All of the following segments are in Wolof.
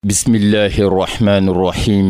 bismillahi irrahmani irrahim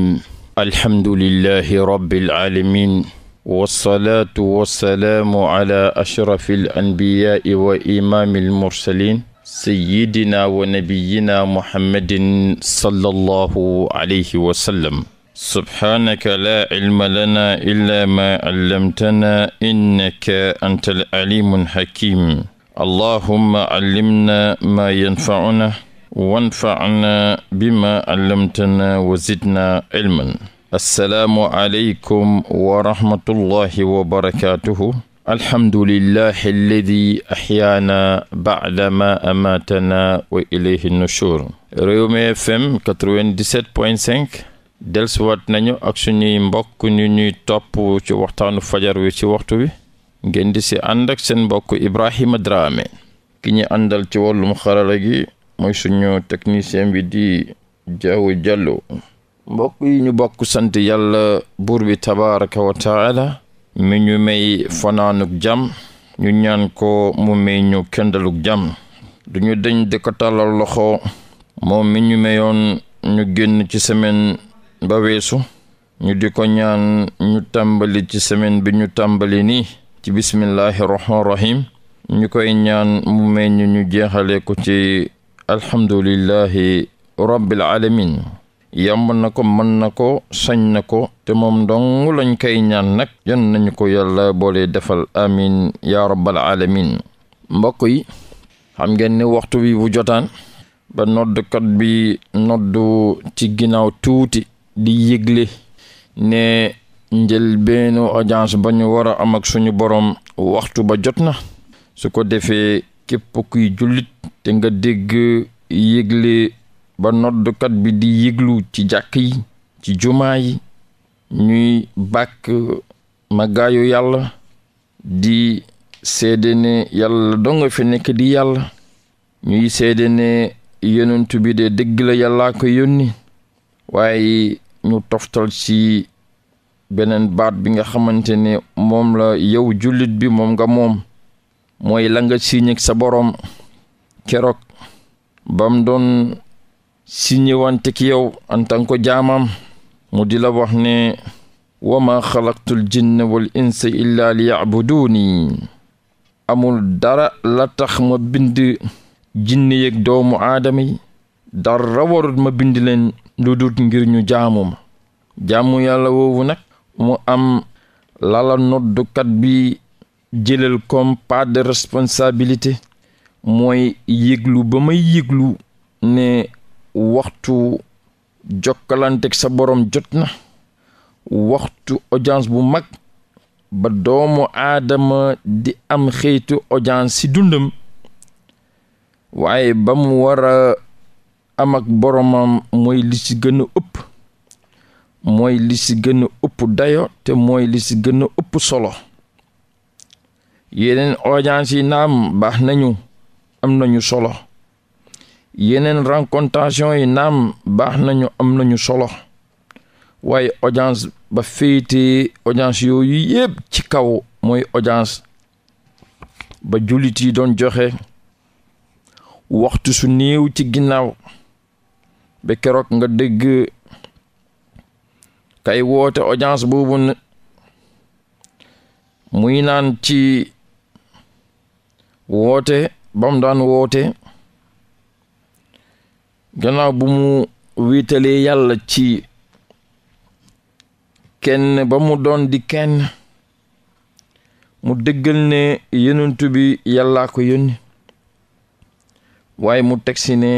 alhamdulilahi rabiilalamin walsalaatu walsalaamu ala ashrafi alanbiyaai wa imaami almursalin sayidina wa nabiyina muhammadin sallallahu alayhi wa sallam subhaanaka laa cilma lanaa illaa maa callamtanaa innaka anta al alimu alxakim allahumma callimna maa yanfacuna wanfacna bima allamtana wa zidna ilman assalaamu aleykum wa rahmatullahi wa barakatuhu alhamdulillahi alladi axyaana bacdama amaatana wa ilayhi nushur Rewmi FM 97.5 delsuwaat nañu ak suñuy mbokk ñu ñuy topp ci waxtaanu fajar wi ci waxtu bi ngeen di si ànd ak seen mbokk Ibrahima Drame ki ñu àndal ci wàllum xarala gi mooy suñu technicien bi di jaww jàllo mbokk yi ñu bokk sant yàlla buur bi tabaraka wa mi ñu may fanaanuk jàmm ñu ñaan ko mu may ñu kendaluk jàmm duñu deñ di ko tàllal loxo moom mi ñu mayoon ñu génn ci semaine ba weesu ñu di ko ñaan ñu tàmbali ci semaine bi ñu tàmbali nii ci bismillahi rahman rahim ñu koy ñaan mu may ñu jeexale ko ci alhamdulillahi rabbil alamin yamb na ko mën na ko sañ na ko te moom dong lañ koy ñaan nag yan nañu ko yalla boole defal amin ya rabbal alamin mbokk yi xam ngeen ne waxtu wi wu jotaan ba noddkat bi noddu ci ginnaaw tuuti di yëgle ne njëlbeenu audience ba ñu war a am ak suñu borom waxtu ba jot na su ko defee képp kuy jullit te nga dégg yëgle ba noddkat bi di yéglu ci jàkk yi ci jumaa yi ñuy bakk magaayu yàlla di seede ne yàlla donga fi nekk di yàlla ñuy seede ne yonent bi de dëgg la yàllaa ko yónni waaye ñu toftal ci beneen baat bi nga xamante ne moom la yow jullit bi moom nga moom mooy langa nga signé sa boroom keroog bam doon signé ki yow en tant que jaamam mu di la wax ne wa ma xalaqtul jinna wal insa illa li yacbuduuni amul dara la tax ma bind jinne yeeg doomu aadama yi dara warut ma bind leen lu ngir ñu jaamu ma jaamu yàlla woowu nag mu am lala noddukat bi jëlal comme part de responsabilité mooy yëglu ba may yëglu ne waxtu jokkalanteeg sa borom jot na waxtu audience bu mag ba doomu aadama di am xeetu audience si dundam waaye ba mu war a am ak boromam mooy li ci gën a ëpp mooy li ci gën a ëpp dayo te mooy li ci gën a ëpp solo yeneen audience yi naam baax nañu am nañu solo yeneen rencontation yi naam baax nañu am nañu solo waaye audience ba féetee audience yooyu yëpp ci kaw mooy audience ba jullit yi doon joxe waxtu su niiw ci ginnaaw ba keroog nga dégg kay woote audience boobu muy naan ci woote ba mu daan woote gannaaw bu mu wiitalee yàlla ci kenn ba mu doon di kenn mu dëggal ne yonent bi yàllaa ko yónni waaye mu tegsi ne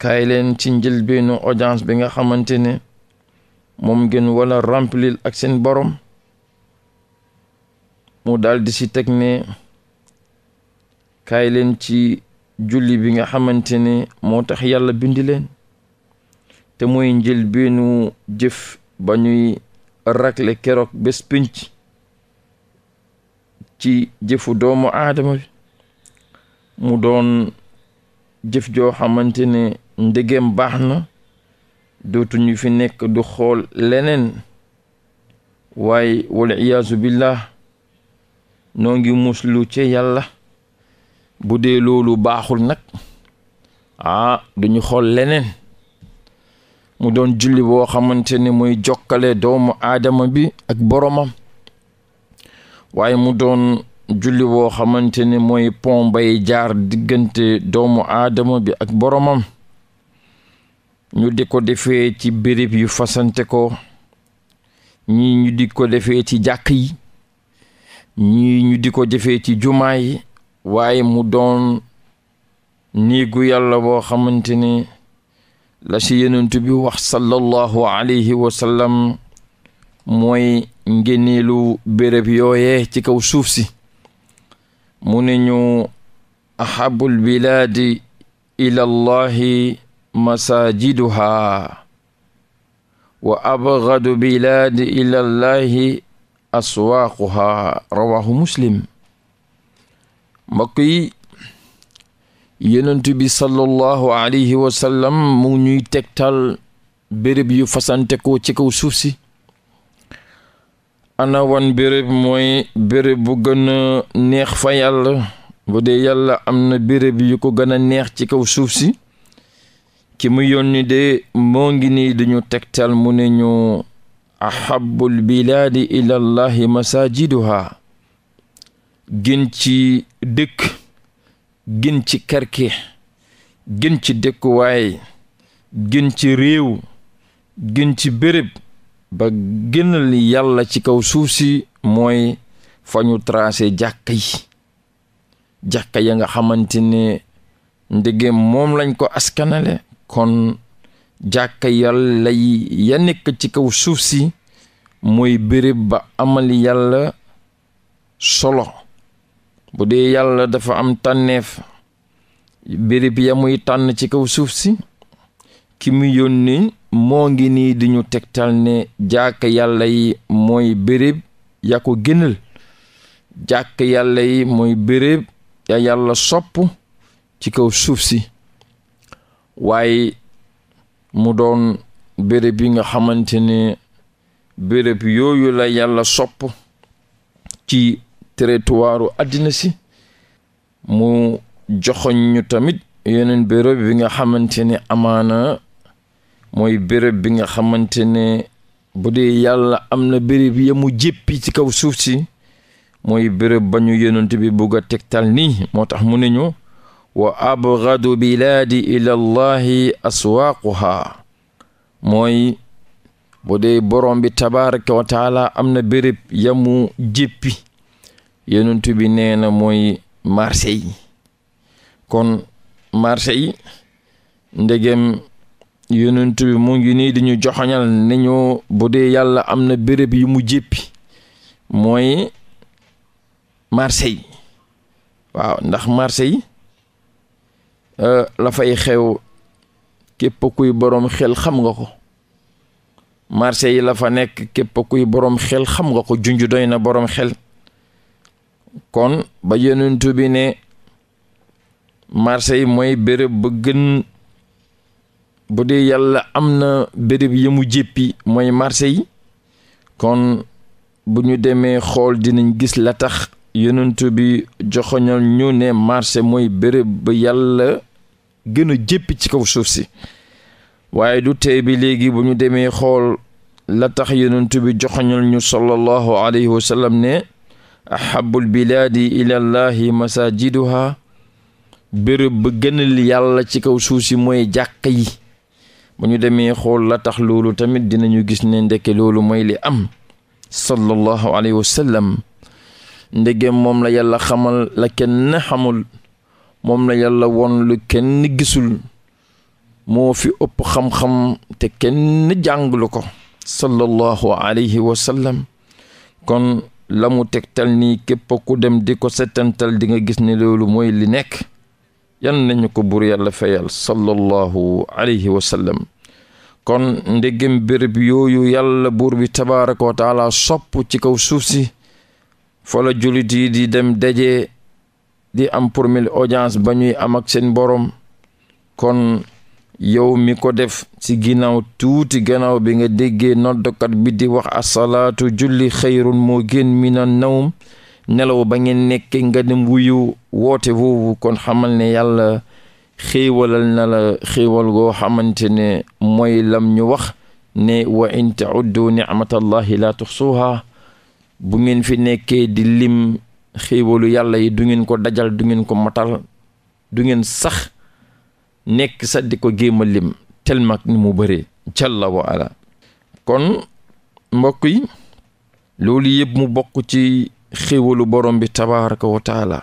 kaay leen ci njëlbeenu audience bi nga xamante ne moom ngeen wala remplir ak seen borom mu daldi ci teg ne kaay leen ci julli bi nga xamante ne moo tax yàlla bindi leen te mooy njël beenu jëf ba ñuy rakle keroog bés pinc ci jëfu doomu aadama bi mu doon jëf joo xamante ne ndegem baax na dootuñu fi nekk du xool leneen waaye wal iyaazu billah noo ngi muslu ci yàlla bu dee loolu baaxul nag ah duñu xool leneen mu doon julli woo xamante ne muy jokkale doomu aadama bi ak boromam waaye mu doon julli woo xamante ne mooy pont jaar diggante doomu aadama bi ak boromam ñu di ko defee ci béréb yu fasante ko ñii ñu di ko defee ci jàkk yi ñii ñu di ko defee ci jumaa yi waaye mu doon niigu yàlla boo xamante ni la ci yenentu bi wax sallallahu alayhi wa mooy ngéneelu béréb yooye ci kaw suuf si mu ne ñu ahabul bilaadi ila allahi masajiduhaa wa abgadu bilaadi ila allahi aswaaquhaa rawahu muslim mbokk yi yonent bi sallallahu alayhi wa sallam mu ñuy tegtal bërëb yu fasante ko ci kaw suuf si ana wan bërëb mooy béréb bu gën a neex fa yàlla bu dee yàlla am na béréb yu ko gën a neex ci kaw suuf si ki mu yónni de moo ngi nii dañu tegtal mu ne ñu ahabul bilaadi ilallahi masajiduha gën ci dëkk gën ci karke gën ci dëkkuwaay gën ci réew gën ci béréb ba gënal yàlla ci kaw suuf si mooy fa ñu tracé jàkka yi jàkka ya nga xamante ne moom lañ ko askanale kon jàkka yàlla ya nekk ci kaw suuf si mooy béréb ba amal yàlla solo bu dee yàlla dafa am tànneef bërëb ya muy tànn ci kaw suuf si ki mu yónni moo ngi nii di ñu tegtal ne jàkk yàlla yi mooy béréb ya ko gënal jàkk yàlla yi mooy béréb ya yàlla sopp ci kaw suuf si waaye mu doon bërëb yi nga xamante ne bërëb yooyu la yàlla sopp ci territoire àddina si mu joxoñ ñu tamit yeneen béréb bi nga xamante ne amaana mooy béréb bi nga xamante ne bu dee yàlla am na béréb ya mu jéppi ci kaw suuf si mooy béréb ba ñu yonent bi bugg a tegtal nii moo tax mu ne ñu wa abgadu bilaadi ila llahi aswaaquhaa mooy bu dee borom bi tabaraka wa am na béréb ya mu yonent bi nee na mooy marché yi kon marché yi ndegem yonent bi mu ngi nii di ñu joxoñal ne bu dee yàlla am na béréb yu mu jéppi mooy marché yi waaw ndax marché yi euh, la fay xew képp kuy boroom xel xam nga ko marché yi la fa nekk képp kuy boroom xel xam nga ko junj doy na boroom xel kon ba yonent bi ne marché yi mooy béréb ba gën bu dee yàlla am na béréb yi mu jéppi mooy marché yi kon bu ñu demee xool dinañ gis la tax yonent bi joxoñal ñu ne marché mooy bërëb ba yàlla gën a jéppi ci kaw suuf si waaye du tey bi léegi bu ñu demee xool la tax yonent bi joxoñal ñu sallallahu alayhi wa ne ahabul bilaadi ila llahi masajiduha bërëb ba gënal yàlla ci kaw suuf si mooy jàkk yi bu ñu demee xool la tax loolu tamit dinañu gis ne ndekke loolu mooy li am sallallahu alayhi wa ndegem moom la yàlla xamal la kenn xamul moom la yàlla won lu kenn gisul moo fi ëpp xam-xam te kenn jànglu ko sallallahu alayhi wa kon la mu tal nii képp ku dem di ko settantal di nga gis ni loolu mooy li nekk yan nañu ko buur yalla fayal sallallahu alayhi wa sallam kon ndegem béréb yooyu yàlla buur bi tabaaraka wa taala sopp ci kaw suuf si fa la jullit di dem daje di am pour mille audience ba ñuy am ak seen borom kon yow mi ko def ci ginnaaw tuuti gannaaw bi nga déggee noddokat bi di wax asalaatu julli xayrun moo gën mina nawm nelaw ba ngeen nekkee nga dem wuyu woote boobu kon xamal ne yàlla xéewalal na la xéewal goo xamante ne mooy lam ñu wax ne wa in tauddu nicmatallahi laa tuxsuha bu ngeen fi nekkee di lim xéewalu yàlla yi du ngeen ko dajal du ngeen ko matal du ngeen sax nekk sax di ko géem a lim tellement ni mu bëree jalla kon mbokk yi loolu yëpp mu bokk ci xéwalu borom bi tabaraka wa taala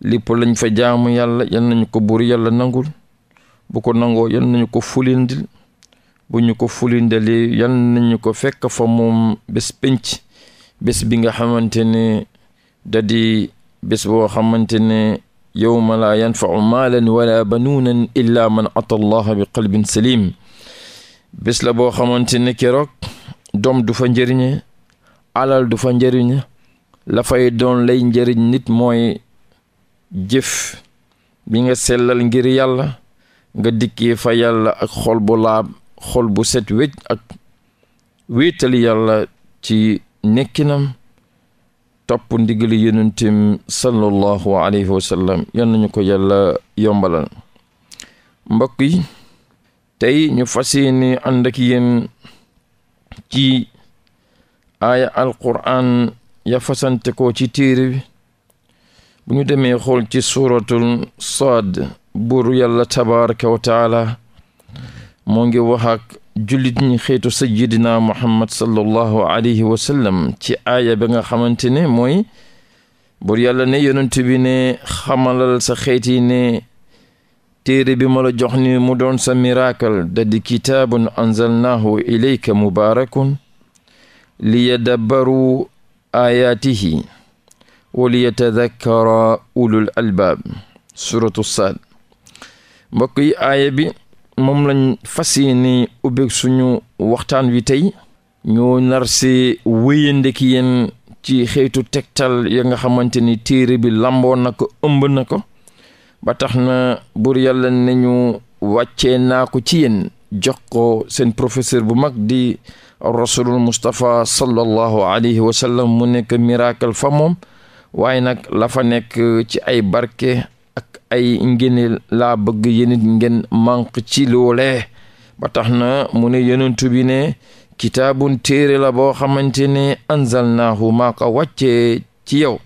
lépp lañ fa jaamu yàlla yal nañu ko buur yàlla nangul bu ko nangoo yal nañu ko fulindil bu ñu ko fulindalee yal nañu ko fekk fa moom bés penc bés bi nga xamante ne da bés boo xamante ne yowma laa yanfacu maalan wala banuunan illa man ata allaha bi qalbin salim bés la boo xamante ne keroog doom du fa njëriñe alal du fa njëriñe la doon lay njariñ nit mooy jëf bi nga sellal ngir yàlla nga dikkee fa yàlla ak xol bu laab xol bu set wécc ak wéetali yàlla ci nekkinam topp ndigali yonentim sallallahu alayhi wa sallam yal nañu ko yàlla yombalal mbokk yi tey ñu fas yéene ànd ak yéen ci aaya alqur'an ya fasante ko ci téere bu ñu demee xool ci suuratul saad buur yàlla tabaraka wa moo ngi wax jullit ñi xeetu sayyidina muhammad sallallahu alayhi wa ci aaya ba nga xamante ne mooy bur yàlla ne yonent bi ne xamalal sa xeet ne téere bi ma jox ni mu doon sa miracle da di kitaabun anzalnaahu ilayka mubaarakun liyadabbaru aayaatihi wa liyatadakkara ulul albaab suratu saad mbokk yi moom lañ fas yéene ubbeeg suñu waxtaan wi tey ñu nar si wéyande ki ci xeetu tegtal ya nga xamante ni téere bi lamboo na ko ëmb na ko ba tax na buur yàlla nañu wàccee naa ko ci yéen jox ko seen professeur bu mag di rasulul mustafa sallallahu alayhi wa mu nekk miracle fa moom waaye nag lafa nekk ci ay barke ay ngeen laa bëgg yéen it ngeen manque ci loolee ba tax na mu ne yonentu bi kitaabun téere la boo xamante ne anzalnaahu maa ko wàccee ci yow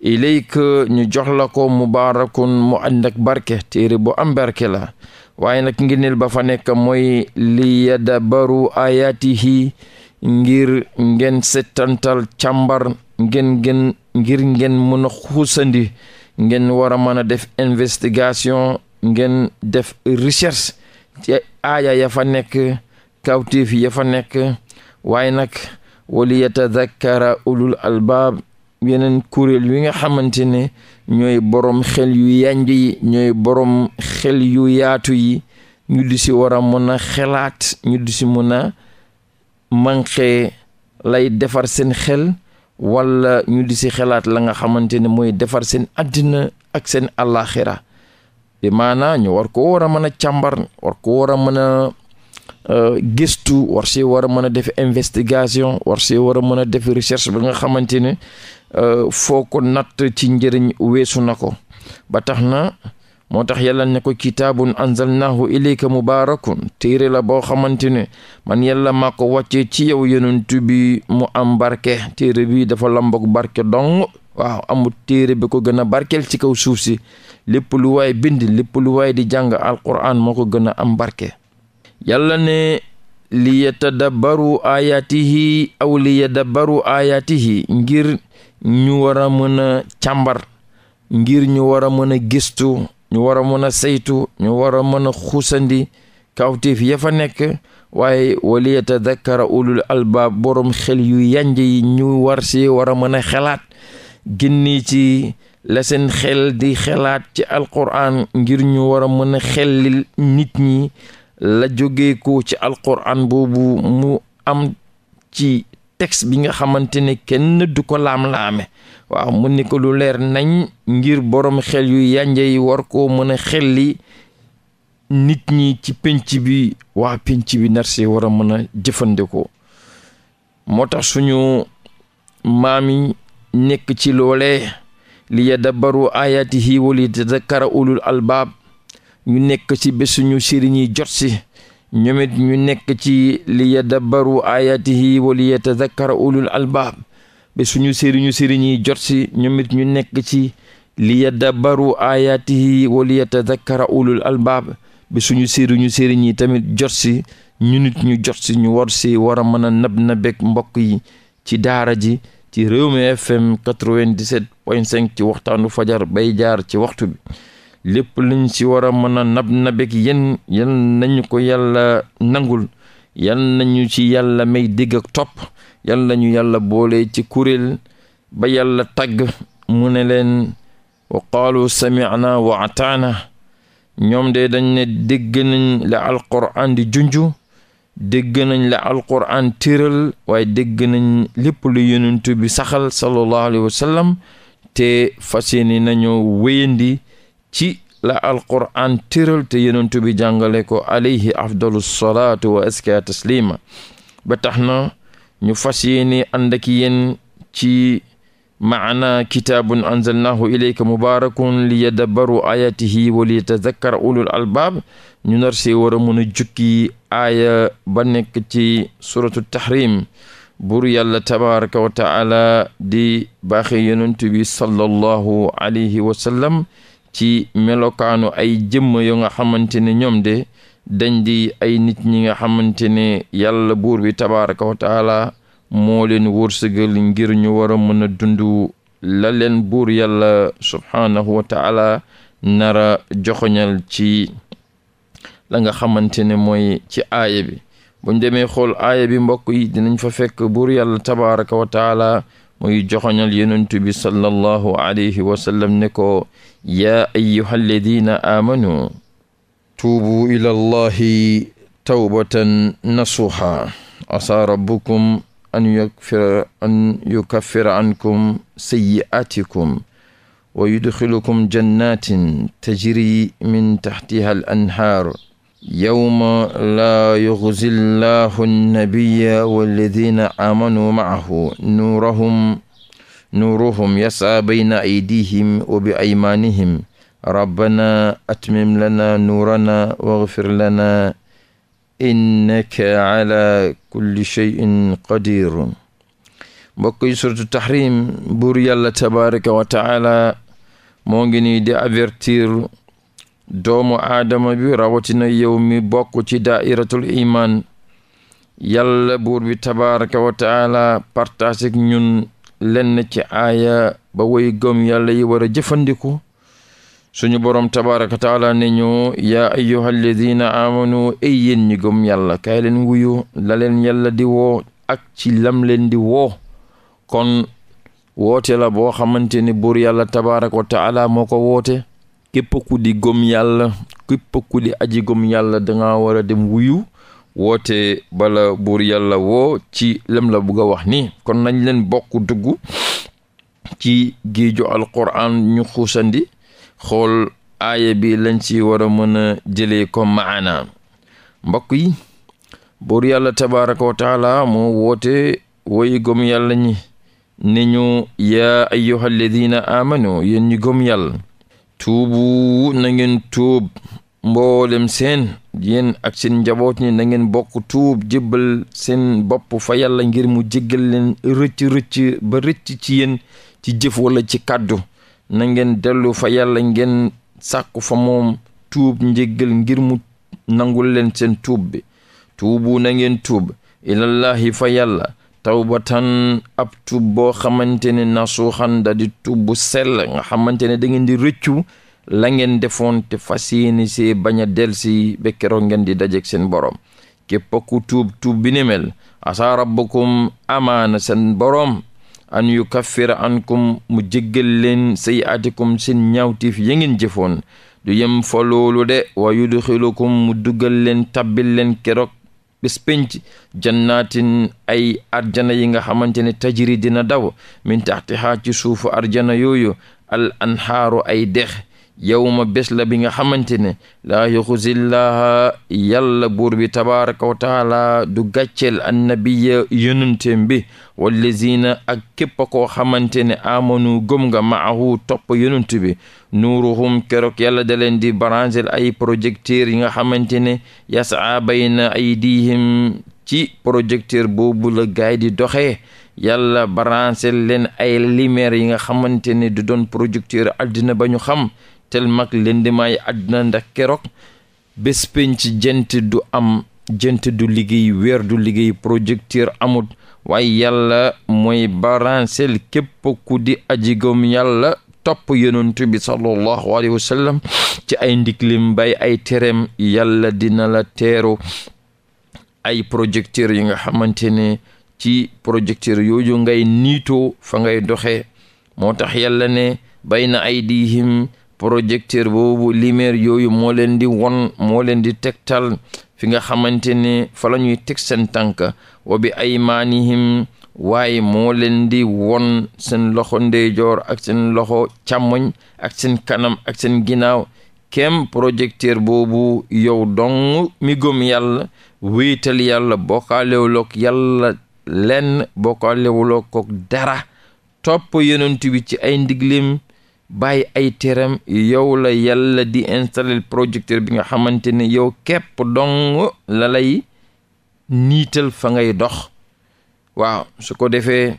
ilayka ñu jox la ko mubaarakun mu ànd ak barke téere bu am barke la waaye nag ngeneel ba fa nekk mooy li yadabaru ayaatihi ngir ngeen settantal càmbar ngeen ngeen ngir ngeen mën a xuusandi ngeen war a mën a def investigation ngeen def recherche ci aaya ya nekk kawtéef ya fa nekk waaye nag wali yatadakkara ulul albaab yeneen kuréel yi nga xamante ne ñooy boroom xel yu ñooy boroom xel yu yaatu yi ñu di si war a mën a xelaat ñu di si mën a manqué lay defar seen xel wala ñu di si xalaat la nga xamante ne mooy defar seen addina ak seen àllaaxira bi maanaa ñu war ko war a mën a càmbar war ko war a mën a euh, gëstu war si war a mën a def investigation war si war a mën a def recherche ba nga xamante ne euh, foo ko natt ci njëriñ weesu na ko ba tax na moo tax yàlla ne ko kitaabun anzalnahu ilayka mubaarakun téere la boo xamante ne man yàlla maa ko wàccee ci yow yonent bi mu am barke téere bi dafa lambok barke dong waaw téere bi ko gën a barkeel ci kaw suuf si lépp lu waay bind lépp lu waay di jàng alquran moo ko gën a am barke yàlla ne li yatadabbaru ayatihi aw li yadabbaru ayatihi ngir ñu war a mën a càmbar ngir ñu war a mën a gistu ñu war a mën a saytu ñu war a mën a xuusandi kawtéef ya fa nekk waaye wali yatadakkara ulul albaab boroom xel yu yanj yi ñu war si war a mën a xelaat génni ci la seen xel di xelaat ci alquran ngir ñu war a mën a xellil nit ñi la jóge ko ci alquran boobu mu am ci tex bi nga xamante ne kenn du ko laam-laame waaw mu ni lu leer nañ ngir borom xel yu yànje yi war ko mën a xelli nit ñi ci penc bi waa pénc bi narsi war a mën a jëfandikoo moo tax suñu maam yi nekk ci loole li yadabbaru ayatihi wa li tadakkara ulul albaab ñu nekk ci bésuñu sëriñ yi jot si ñoomit ñu nekk ci li yadabbaru ayatihi wa li yatadakkara ulul albaab ba suñu sëriñu sëriñ yi jot si ñoom ñu nekk ci li yaddabaru ayaatihi wa li yatadakkara ulul albaab suñu sëriñu sëriñ yi tamit jot si ñu nit ñu jot si ñu war si war a mën a nab na bég mbokk yi ci daara ji ci réew mi fm 97.5 ci waxtaanu fajar bay jaar ci waxtu bi lépp luñ si war a mën a nab yal nañu ko yàlla nangul yal nañu ci yàlla may dégg ak topp yal nañu yàlla boole ci kuréel ba yàlla tagg mu ne leen wa qaalu sami'na wa ataana ñoom de dañ ne dégg nañ la alquran di junj dégg nañ la alquran téral waaye dégg nañ lépp lu yonent bi saxal sallallahu alayhi wa te fas yéene nañoo wéyandi ci la alquran téral te yonent bi jàngale ko alayhi afdalu salaatu wa aska taslima ba tax na ñu fas yéene ànd ak yéen ci maana kitaabun anzalnaahu ilayka mubaarakun li yadabbaru ayatihi wa li ulul albaab ñu nar see war a mun a jukki aaya ba nekk ci suratu tahrim buur yàlla tabaraka wa di baaxe yonent bi alayhi wa ci melokaanu ay jëmm yoo nga xamante ne ñoom de dañ ay nit ñi nga xamante ne yàlla buur bi tabaraka wa taala moo leen wërsëgal ngir ñu war a mën a dund la leen buur yàlla subhaanahu wa nara joxoñal ci la nga xamante ne mooy ci aaya bi buñ demee xool aaya bi mbokk yi dinañ fa fekk buur yàlla tabaraka wa taala joxoñal yonent bi sallallahu alayhi wa sallam ne ko yaa ayyuhalladina amanu tuubu ila allahi tawbatan nasuha asaa rabbukum an yukfira an yukaffira ankum sayyi'atikum wa yudxilukum jannatin tajri min taxtiha al anhaar yawma laa yuxzi llahu nnabiya walladina aamanuu maahu nuurahum nuuruhum yasaa bayna aydihim wa bi aymaanihim rabbana atmim lana nuurana waxfir lana innaka ala kulli cheyin qadir mbokk yi suratu tahrim buur yàlla tabaraka wa taala moo ngi ni di avertir doomu aadama bi rawatina yow mi bokk ci daairatul iman yàlla buur bi tabaraka wa taala partage ñun lenn ci aaya ba woy gëm yàlla yi war a jëfandiku suñu borom tabaraka taala ne ñu yaa ayyuha alladina amanu ay yéen ñi gëm wuyu la leen di woo ak ci lam leen di woo kon woote la boo xamante ni buur yàlla tabaraka wa taala moo ko woote képp ku di gëm yàlla képp ku di aji gëm yàlla danga war a dem wuyu woote bala buur yàlla woo ci lam la bugg wax ni kon nañ leen bokk dugg ci géeju alquran ñu xuusandi xool aaya bi lañ ci war a mën a jëlee ko maana mbokk yi buur yàlla tabaraka wa moo woote woy gom yàlla ñi ni ñu yaa ayyuha alladina amanu yéen ñi gëm yàlla tuubu na ngeen tuub mboolem seen yéen ak seen njaboot ñi na ngeen bokk tuub jébbal seen bopp fa yàlla ngir mu jéggal leen rëcc rëcc ba rëcc ci yéen ci jëf wala ci kàddu na ngeen dellu fa yalla ngeen sàkku fa moom tuub njéggal ngir mu nangul leen seen tuub bi tuubu na ngeen tuub ilallahi fa yàlla tawbatan ab tuub boo xamante ne nasuuxan da di tuub bu sell nga xamante ne da di rëccu la ngeen defoon te fas yéene see bañ a delsi ba keroog ngeen di dajeeg seen borom képp ku tuub tuub bi ni mel rabbukum amaana seen borom an yukaffira ankum mu jéggal leen sey sayi'atikum seen ñaawtiif ya ngeen jëfoon du yem fa loolu de wa yudxilukum mu dugal leen tabbil leen keroog bis pénc jannaatin ay arjana yi nga xamante ne tajiri dina daw min taxtihaa ci suufu arjana yooyu al anhaaru ay dex yawma bés bi nga xamante ne laa yuxuzillaha yalla buur bi tabaraka wa taala du gàcceel annabiya yonanteem bi wallazina ak képp koo xamante ne amanu gëm nga maahu topp yonant bi nuuruhum keroog yàlla da leen di brancher ay projecteur yi nga xamante ne yasaa bayna aydihim ci projecteur boobu la gaay di doxee yàlla brancher leen ay lumière yi nga xamante ne du doon projecteur àddina ba ñu xam tellement ak lëndëmaay àdduna ndax keroog bés penc jant du am jant du liggéey weer du liggéey projecteur amut waay yàlla mooy baransel képp ku di aji gëm yàlla topp yonent bi sallallahu alayhi wa ci ay ndiglim bay ay tereem yàlla dina la teeru ay projecteur yi nga xamante ne ci projecteur yooyu ngay niitoo fa ngay doxe moo tax yàlla ne bayna aydihim projecteur boobu lumière yooyu moo leen di won moo leen di tegtal fi nga xamante ne fa la ñuy teg seen tànk wa bi aymaanihim waaye moo leen di won seen loxo ndeyjoor ak seen loxo càmmoñ ak seen kanam ak seen ginnaaw kem projecteur boobu yow dong mi gëm yàlla wéetal yàlla bokkaalewulook yàlla lenn ko dara topp yonent ci ay ndiglim bàyyi ay teram yow la yàlla di installer projecteur bi nga xamante ni yow kepp dong lalay niital fa ngay dox waaw su ko defee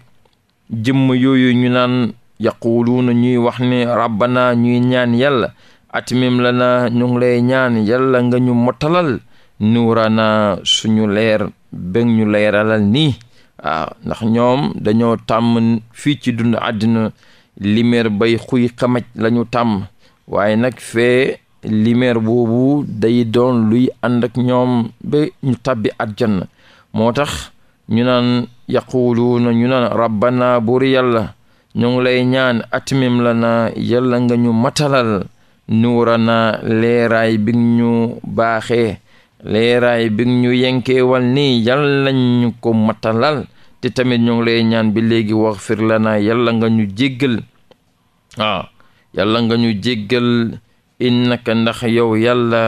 jëmm yooyu ñu naan yaquluuna ñuy wax ne rabbana ñuy ñaan yàlla atmim la na ñu ngi lay ñaan yàlla nga ñu mottalal nuurana suñu leer bëgg ñu leeralal nii waaw ndax ñoom dañoo tàmm fii ci dund àddina limeer bay xuy xamaj lañu tàmm waaye nag fee limeer boobu day doon luy ànd ak ñoom ba ñu tàbbi àjjana moo tax ñu naan na ñu naan rabbana buri yàlla ñu ngi lay ñaan atmim la na yàlla nga ñu matalal nuura na leeraay bi ñu baaxee leeraay bi ñu yenkeewal nii yàlla ñu ko matalal te tamit ñu ngi lay ñaan bi léegi wax fir lana yàlla nga ñu jéggal waaw yàlla nga ñu jéggal innaka ndax yow yàlla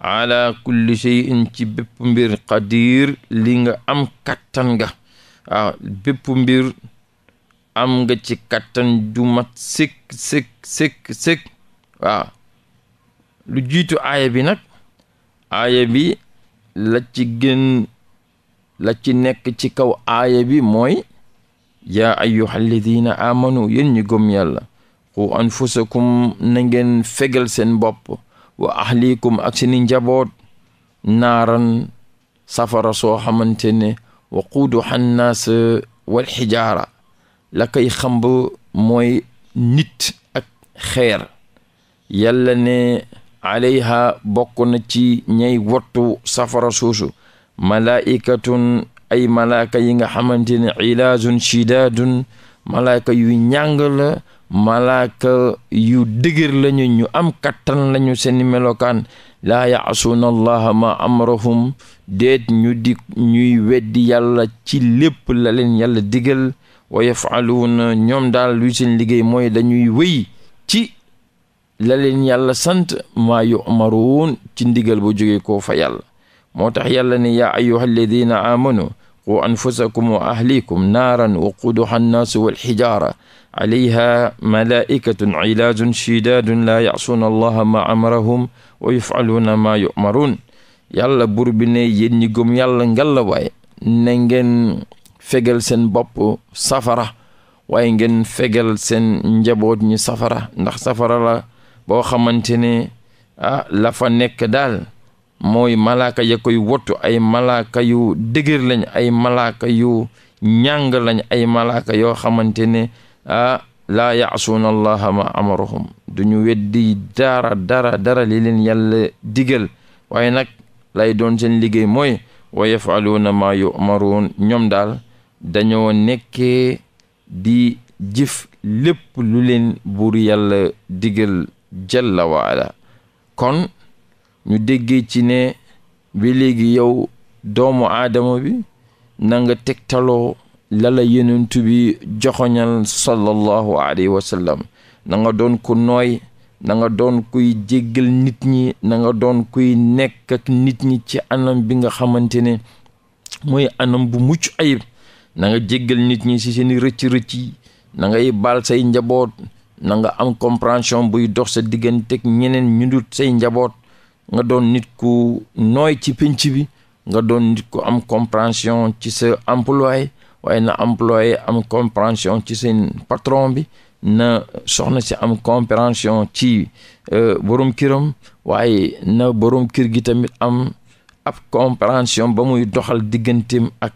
ala kulli shay'in ci bépp mbir qadir li nga am kattan nga bépp mbir am nga ci kattan ju mat sëkk sëkk sëkk sëkk lu jiitu aaya bi nag aaya bi la ci nekk ci kaw aaya bi mooy yaa ayyuha alladina amanu yéen ñi gëm yàlla qu anfusakum na ngeen fegal seen bopp wa ahlikum ak seeni njaboot naaran safara soo xamante ne wa quuduha nnaas wal xijaara la koy xamb mooy nit ak xeer yàlla ne alayha bokk na ci ñay wottu safara soosu malaikatun ay malaaka yi nga xamante ne ilaazun shidaadun malaaka yu ñàng la malaaka yu dëgër lañu ñu am kattan lañu seeni melokaan laa yaasuuna allaha ma amrahum déet ñu di ñuy weddi yàlla ci lépp laleen leen yàlla digal wa yafaluuna ñoom daal luy seen liggéey mooy dañuy wéy ci la leen yàlla sant maa yumaruun ci ndigal bu jóge koo fa moo tax yàlla ne yaa ayyuha alladina aamanu qu anfusakum wa ahlikum naaran waquuduha annaasu walxijaara alayha malaikatun cilaajun shidaadun laa yacsuuna allaha ma amarahum wa yufcaluuna maa yumaruun yàlla buur bi ne yéen ñi gëm yàlla ngalawaay na ngeen seen bopp safara waaye ngeen fegal sen njaboot ñi safara ndax safara la boo xamante ne ah la fa nekk daal mooy malaaka ya koy wottu ay malaaka yu dëgër lañ ay malaaka yu ñàng lañ ay malaaka yoo xamante ne a ah, laa yaasuuna allaha ma amarahum duñu weddi dara dara dara li leen yàlla digal waaye nag lay doon seen liggéey mooy wa yafaluuna maa yumaruun ñoom daal dañoo nekkee di jëf lépp lu leen buur yàlla digal jalla waala kon ñu déggee ci ne ba léegi yow doomu aadama bi na nga tegtaloo lala yenentu bi joxoñal sallallahu alayhi wa sallam na nga doon ko nooy na nga doon kuy jéggal nit ñi na nga doon kuy nekk ak nit ñi ci anam bi nga xamante ne mooy anam bu mucc ayib nanga nga jéggal nit ñi si seeni rëcc-rëcc yi na ngay baal say njaboot na nga am compréhension buy dox sa digganteeg ñeneen ñu dul say njaboot nga doon nit ku noy ci pénc bi nga doon nit ku am compréhension ci sa employé waaye na employé am compréhension ci seen patron bi na soxna si am compréhension ci euh, borom këram waaye na borom kër gi tamit am ab compréhension ba muy doxal digganteem ak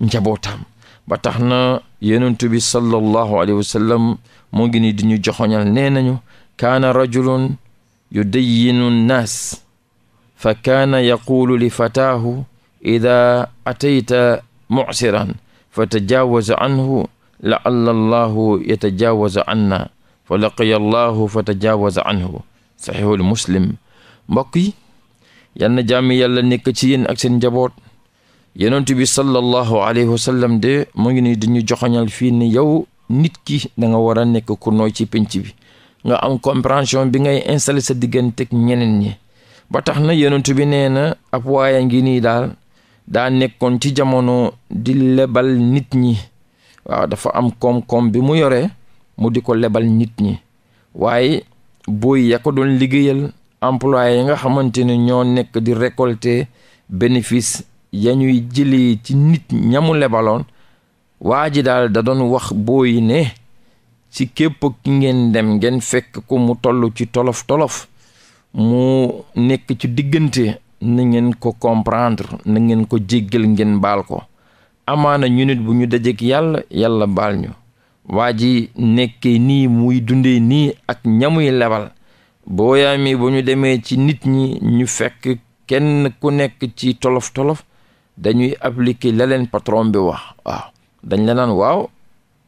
njabootam ba tax na yenentu bi sallallahu alayhi wa sallam moo ngi ni di ñu joxoñal nee nañu kaana rajulun yudayinu naas fa kaana yaquulu li fataahu ida atayta mucsiran fa tajaawaza anhu laalla allahu yatajaawaza anna fa laqiya allahu fa tajaawaza anhu saxiihul muslim mbokk yi yal na jàmmi yàlla nekk ci yéen ak seen njaboot yonent bi sallallahu alayhi wa sallam de mu ngi ni dañu joxoñal fii ne yow nit ki da nga war a nekk ku nooy ci pénc bi nga am compréhension bi ngay installé sa digganteeg ñeneen ñi ba tax na yonent bi nee na ab waaya ngi nii daal daa nekkoon ci jamono di lebal nit ñi waaw dafa am koom-koom bi mu yore mu di ko lebal nit ñi waaye booy ya ko doon liggéeyal employé yi nga xamante ne ñoo nekk di récolter bénéfice ya ñuy jëlee ci nit ñamu lebaloon waa ji daal da doon wax booy ne ci képp ki ngeen dem ngeen fekk ko mu toll ci tolof-tolof mu nekk ci diggante na ko comprendre na ngeen ko jéggal ngeen baal ko amaana ñu nit bu ñu dajeek yàlla yàlla baal ñu waa ji nekkee nii muy dunde nii ak ñamuy lebal booyaami bu ñu demee ci nit ñi ñu fekk kenn ku nekk ci tolof-tolof dañuy appliquer la leen patron bi wax waaw dañ la naan waaw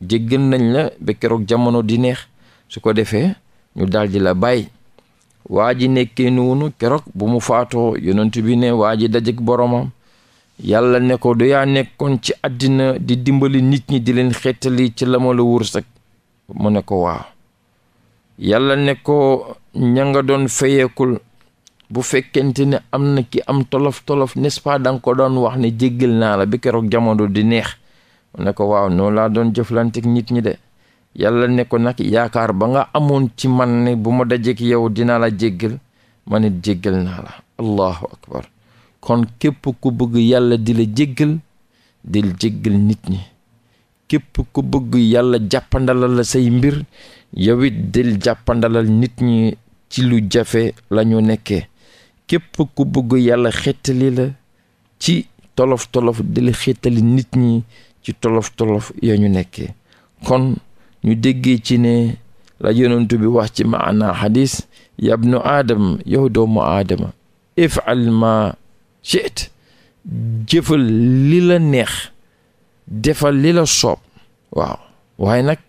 jéggal nañ la ba keroog jamono di neex su ko defee ñu daldi la bàyyi waa ji nekkee noonu keroog bu mu faatoo yonent bi ne waa ji dajeg boromam yàlla ne ko du yaa nekkoon ci àddina di dimbali nit ñi di leen xeetali ci la ma mu ne ko waaw yàlla ne ko ña nga doon fayekul bu fekkente ne am na ki am tolof-tolof n'est-ce ko doon wax ne jéggal naa la bi keroog jamono di neex mu ne ko waaw noonu laa doon jëflanteek nit ñi de yàlla ne ko nag yaakaar ba nga amoon ci man ne bu ma dajeek yow dinaa la jéggal ma nit jéggal naa la allahu akbar kon képp ku bëgg yàlla di la jéggal dil jéggal nit ñi képp ku bëgg yàlla jàppandalal la say mbir yow it dil jàppandalal nit ñi ci lu jafe lañu nekke képp ku bëgg yàlla xettali la ci tolof tolof dil xettali nit ñi ci tolof tolof ya ñu nekkee kon ñu déggee ci ne la yonentu bi wax ci maana xadis nu aadam yow doomu aadama ifal ma chit jëfal li la neex defal li la soob waaw waaye nag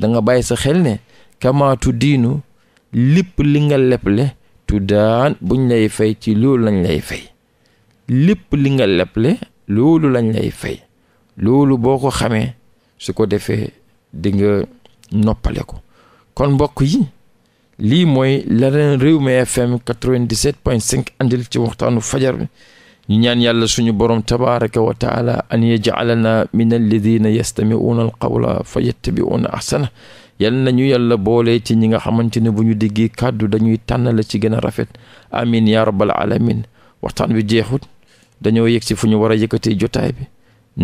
danga nga bàyyi sa xel ne kamaatu diinu lépp li nga leble tuddaan buñ lay fay ci loolu lañ lay fay lépp li nga leble loolu lañ lay fay loolu boo ko xamee su ko defee di nga noppale ko kon mbokk yi lii mooy la leen Rewmi FM 97.5 andil ci waxtaanu fajar bi ñu ñaan yàlla suñu borom tabaraka wa taala an yajalana min alladina yastami'una alqawla fa yattabi'una ahsana yal nañu yàlla boole ci ñi nga xamante ne bu ñu digg kàddu dañuy tànn ci gën a rafet amin ya rabbal alamin waxtaan bi jeexut dañoo yegg ci fu ñu war a yëkkatee jotaay bi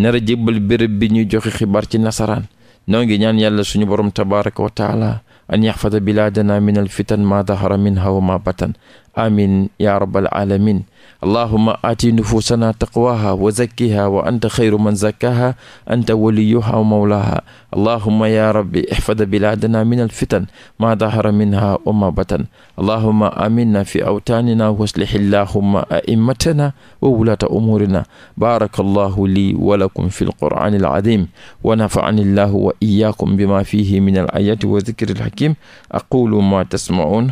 nar a jébbal béréb bi ñuy joxe xibaar ci nasaraan noo ngi ñaan yàlla suñu borom tabaraka wa taala an yaxfada bilaadana min al fitan ma dahara minha wa ma batan amin ya rabbal alamin allahuma aati nufuusanaa taqwaha wa zakkiha wa anta xayru man zakkaha anta waliyuha wa mawlaha allahuma ya rabbi ihfad bilaadana min alfitan ma dahara minha wa ma batan allahuma aminna fi awtaanina waslih illahuma a'immatana wa wulata umuurina baraka allahu lii wa lakum fi alqur'ani alazim wa nafa'ani allahu wa iyyakum bima fihi min alayati wa dhikri alhakim aqulu ma tasma'un